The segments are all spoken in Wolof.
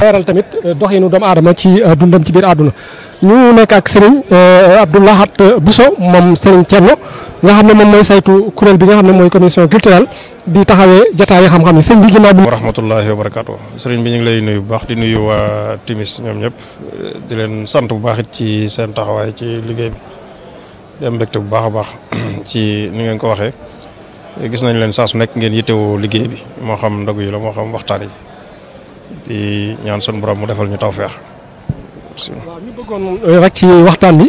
leral tamit eh, doxinu doomu adama ci eh, dundam ci bir aduna ñu nekk ak Serigne eh, hat buso mom Serigne cerno nga xamne mom moy saytu kurel bi nga xamne moy commission culturelle di taxawee jataay xam-xam yi sëñ bi ginnaaw bi. rahmatullahi wa barakatuh Serigne bi ñu ngi lay nuyu bax di nuyu wa Timis ñom ñep di len sante bu baax ci seen taxaway ci liggey bi di am bu baax baax ci ni ngeen ko waxe gis nañ len saasu nek ngeen liggey bi mo xam ndogu yi la mo xam waxtaan ñaan sun borom mu defal ñu taw feex ñu bëggoon euh, rek ci waxtaan bi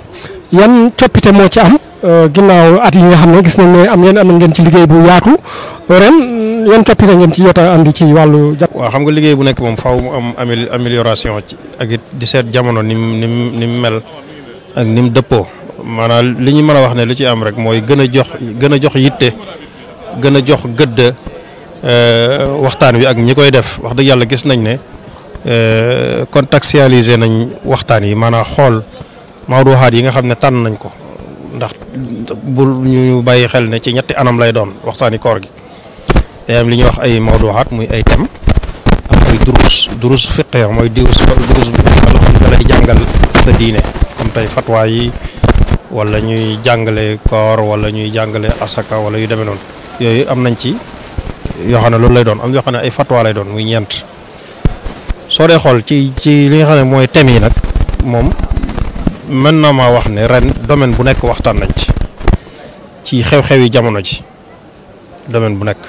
yan coppite moo ci am euh, ginnaaw at yi nga xam ne gis nañ ne am yéen am ngeen ci liggéey bu yaatu ren yan coppite ngeen ci yota andi ci wàllu. waaw xam nga liggéey bu nekk moom faw mu am amélioration ci ak it di seet jamono ni mu ni mu mel ak ni mu dëppoo maanaam li ñu mën a wax ne li ci am rek mooy gën a jox gën a jox yitte gën a jox gëdd. Euh, waxtaan wi ak ñi koy def wax dëgg yàlla gis nañ ne euh, contextualiser nañ waxtaan yi maanaam xool mawduwaat yi nga xam ne tànn nañ ko ndax bu ñu bàyyi xel ne ci ñetti anam lay doon waxtaani koor gi day li ñuy wax ay mawduwaat muy ay thème ak ay durus durus fiqh mooy durus durus da lay jàngal sa diine comme tey fatwa yi wala ñuy jàngale koor wala ñuy jàngale asaka wala yu demee noonu yooyu am nañ ci yoo xam ne loolu lay doon am yoo xam ne ay fatwa lay doon muy ñeent soo dee xool ci ci li nga xam ne mooy tem yi nag moom mën na maa wax ne ren domaine bu nekk waxtaan nañ ci ci xew-xewi jamono ji domaine bu nekk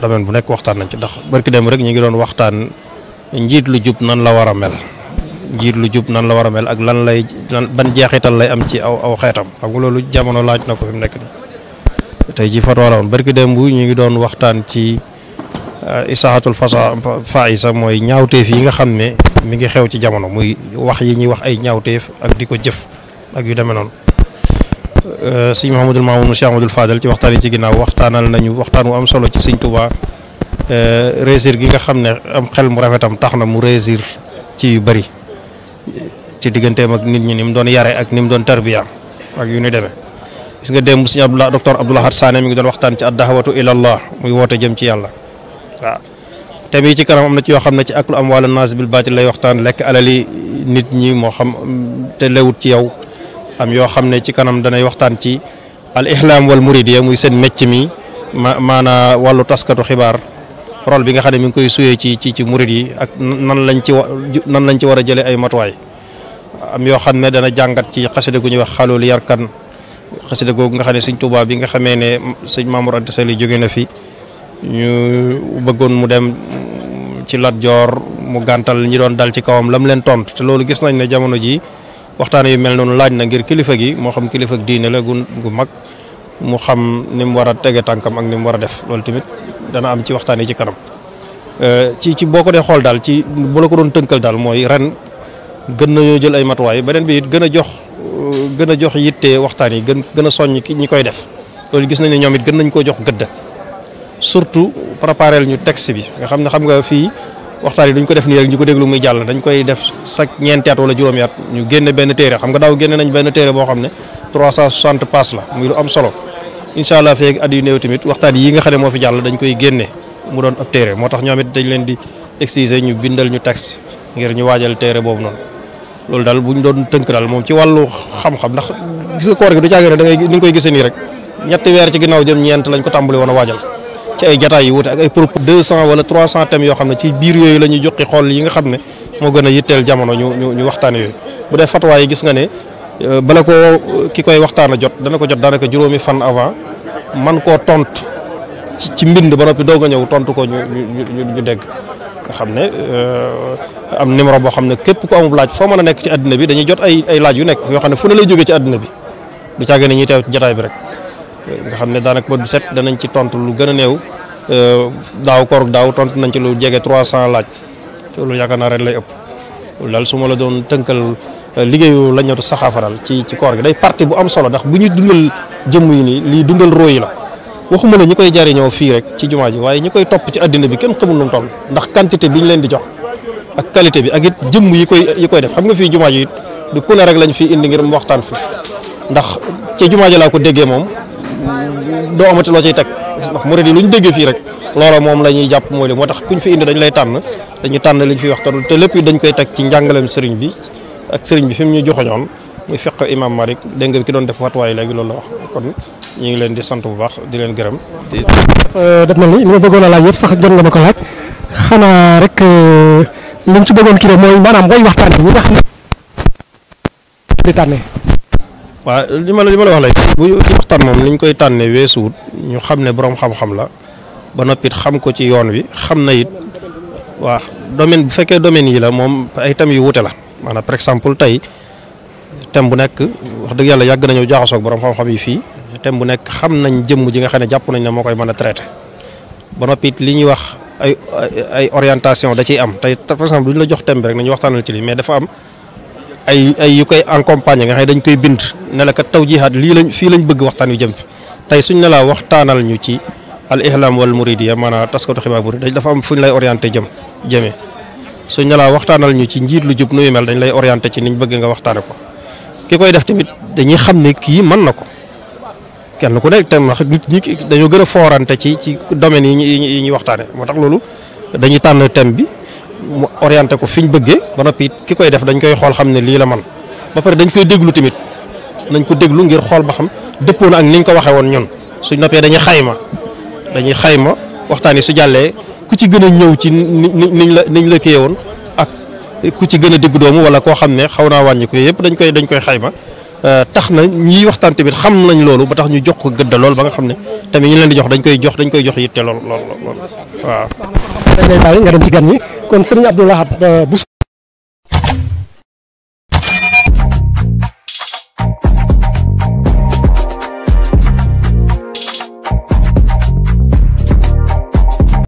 domaine bu nekk waxtaan nañ ci ndax barki dem rek ñu ngi doon waxtaan njiit lu jub nan la war a mel njiit lu jub nan la war a mel ak lan lay ban jeexital lay am ci aw aw xeetam xam nga loolu jamono laaj na ko fi mu nekk nii tey ji fa toolam barki démb ñu ngi doon waxtaan ci euh, isaatul fasa faisa mooy ñaawteef yi nga xam ne mi ngi xew ci jamono muy wax yi ñuy wax ay ñaawteef ak di ko jëf ak yu demee noonu euh, sëñ Mahamadul Mamoun Cheikh Amadul Fadal ci waxtaan yi ci ginnaaw waxtaanal nañu waxtaan wu am solo ci sëñ Touba euh, réussir gi nga xam ne am xel mu rafetam tax na mu réussir ci yu bëri ci digganteem ak nit ñi ni mu doon yare ak ni mu doon tarbiya ak yu ni demee gis nga dem suñu abdullah docteur abdullah hassane mi ngi doon waxtan ci ad-dahwatu ila allah muy wote jëm ci yalla wa thème ci karam amna ci yo xam ci aklu am wala nas bil batil lay waxtan lek alali nit ñi mo xam te lewut ci yow am yo xamne ci kanam nay waxtan ci al ihlam wal ya muy seen metti mi mana walu taskatu xibaar rol bi nga xamne mi ngi koy ci ci ci murid yi ak nan lañ ci nan lañ ci wara a ay matway am yo xamne dana jangat ci xasida gu wax khalul yarkan xasida googu nga xam ne sëñ Tuubaa bi nga xamee ne sëñ Mamour Anta Sali jóge na fi ñu bëggoon mu dem ci Lat mu gàntal ñi doon dal ci kawam lam leen tontu te loolu gis nañ ne jamono ji waxtaan yu mel noonu laaj na ngir kilifa gi moo xam kilifa diine la gu gu mag mu xam ni mu war a tege tànkam ak ni mu war a def loolu tamit dana am ci waxtaan yi ci kanam euh, ci ci boo ko dee xool daal ci bu ko doon tënkal daal mooy ren gën nañoo jël ay matuwaay beneen bi gën a jox yitte waxtaan yi gën gën a soññ ñi koy def loolu gis nañ ne ñoom it gën nañ koo jox gëdd surtout préparer ñu texte bi nga xam ne xam nga fii waxtaan yi duñ ko def nii rek ñu ko déglu muy jàll dañ koy def sa ñeenti at wala juróomi at génne benn téere xam nga daaw génne nañu benn téere boo xam ne 360 pages la muy lu am solo incha allah feeg at néew tamit waxtaan yi nga xam ne moo fi jàll dañ koy génne mu doon ab téere moo tax ñoomit dañ leen di exiger ñu bindal ñu texte ngir ñu waajal téere boobu noonu loolu daal bu ñu doon tënk daal moom ci wàllu xam-xam ndax gis nga koor gi du caagin ne a ngay ni nga koy gisee nii rek ñetti weer ci ginnaaw jëm ñeent lañ ko tàmbali woon a waajal ci ay jataay yu wute ak ay propos 200 wala 300 thèmes yoo xam ne ci biir yooyu la ñuy joxe xool yi nga xam ne moo gën a yitteel jamono ñu ñu ñu waxtaan yooyu bu dee fatwa yi gis nga ne euh, bala ko ki koy waxtaan a jot dana ko jot daanaka juróomi fan avant man koo tont ci mbind ba noppi doog a ñëw tontu ko ñu ñu ñu dégg nga xam ne euh, am numéro boo xam ne képp ku amul laaj foo mën a nekk ci àddina bi dañuy jot ay ay laaj yu nekk yoo xam ne fu ne lay jógee ci àddina bi du caagin ne ñuy teew ci jotaay bi rek nga xam ne daanaka bët bu danañ ci tontu lu gën a néew euh, daaw koor daaw tontu nañ ci lu jege 300 laaj loolu yaakaar naa ren lay ëpp loolu daal su ma la doon tënkal euh, liggéeyu lañu saxaafaral ci ci koor gi day parti bu am solo ndax bu ñuy dundal jëmm yi nii lii dundal roo yi la. waxuma la ñi koy jariñoo fii rek ci jumaa ji waaye ñi koy topp ci àddina bi kenn xamul nu mu ndax quantité bi ñu leen di jox ak qualité bi ak it jëmm yi koy yi koy def xam nga fii jumaa ji it du ku ne rek lañu fi indi ngir waxtaan fi ndax ci jumaa ji laa ko déggee moom doo amati loo ciy teg ndax murid yi lu ñu déggee fii rek loola moom la ñuy jàpp mooy li moo tax kuñ fi indi dañ lay tànn dañu tànn liñ fi waxtaan te lépp dañ koy teg ci njàngaleem sëriñ bi ak sëriñ bi fi mu ñu joxoñoon muy fiq imam Malik dégg nga ki don def fatwa yi loolu lolu wax kon ñi ngi leen di sant bu baax di leen gërëm. daf euh, mel ni li ma bëggoon a laaj yëpp sax jot nga ma laaj xana rek euh, lu ci bëggon ki rek moy manam way waxtaan yi nga di tanne wa li ma la li ma la wax lay bu waxtaan mom ni ñu koy tànnee weesuwut ñu xamne borom xam-xam la ba noppit xam ko ci yoon wi xam na it wa domaine bu fekke domaine yi la mom ay tam yu wuté la manam par exemple tay thème bu nek wax deug yalla yag nañu jaxoso ak borom xam-xam yi fi thème bu nek xam nañ jëm ji nga xam japp nañ ne mo koy mëna traité ba noppi li wax ay ay orientation da ci am tay par exemple duñ la jox thème rek nañu waxtanal ci li mais dafa am ay ay yu koy accompagner nga xam dañ koy bind ne la ka taw jihaat lii lañ fi lañ bëgg waxtan yu jëm tay suñ la waxtanal ñu ci al ihlam wal ya mana taskatu xibaar murid dañ dafa am fuñ lay orienter jëm jëme suñ la waxtanal ñu ci njit lu jup nuy mel dañ lay orienter ci niñ bëgg nga waxtaane ko ki koy def tamit dañuy xam ne kii mën na ko kenn ku nekk tam wax nit ñi dañoo gën a foorante ci ci domaine yi ñuy waxtaane moo tax loolu dañuy tànn thème bi mu orienté ko fi ñu bëggee ba noppiit ki koy def dañ koy xool xam ne lii la man ba pare dañ koy déglu tamit nañ ko déglu ngir xool ba xam dëppoo na ak niñ ko waxee woon ñun su noppee dañuy xayma dañuy xayma waxtaan yi su jàllee ku ci gën a ñëw ci ni niñ la niñ la kiiyee woon ku ci gën a digg doomu wala koo xam ne xaw naa wàññiku yooyu yëpp dañ koy dañ koy xayma euh, tax na ñiy waxtaan tamit xam nañ loolu ba tax ñu jox ko gëdda lool ba nga xam ne tamit ñu leen di jox dañ koy jox dañ koy jox yitte lool lool waaw. nga dem ci gan ñi kon Serigne Abdou Lahad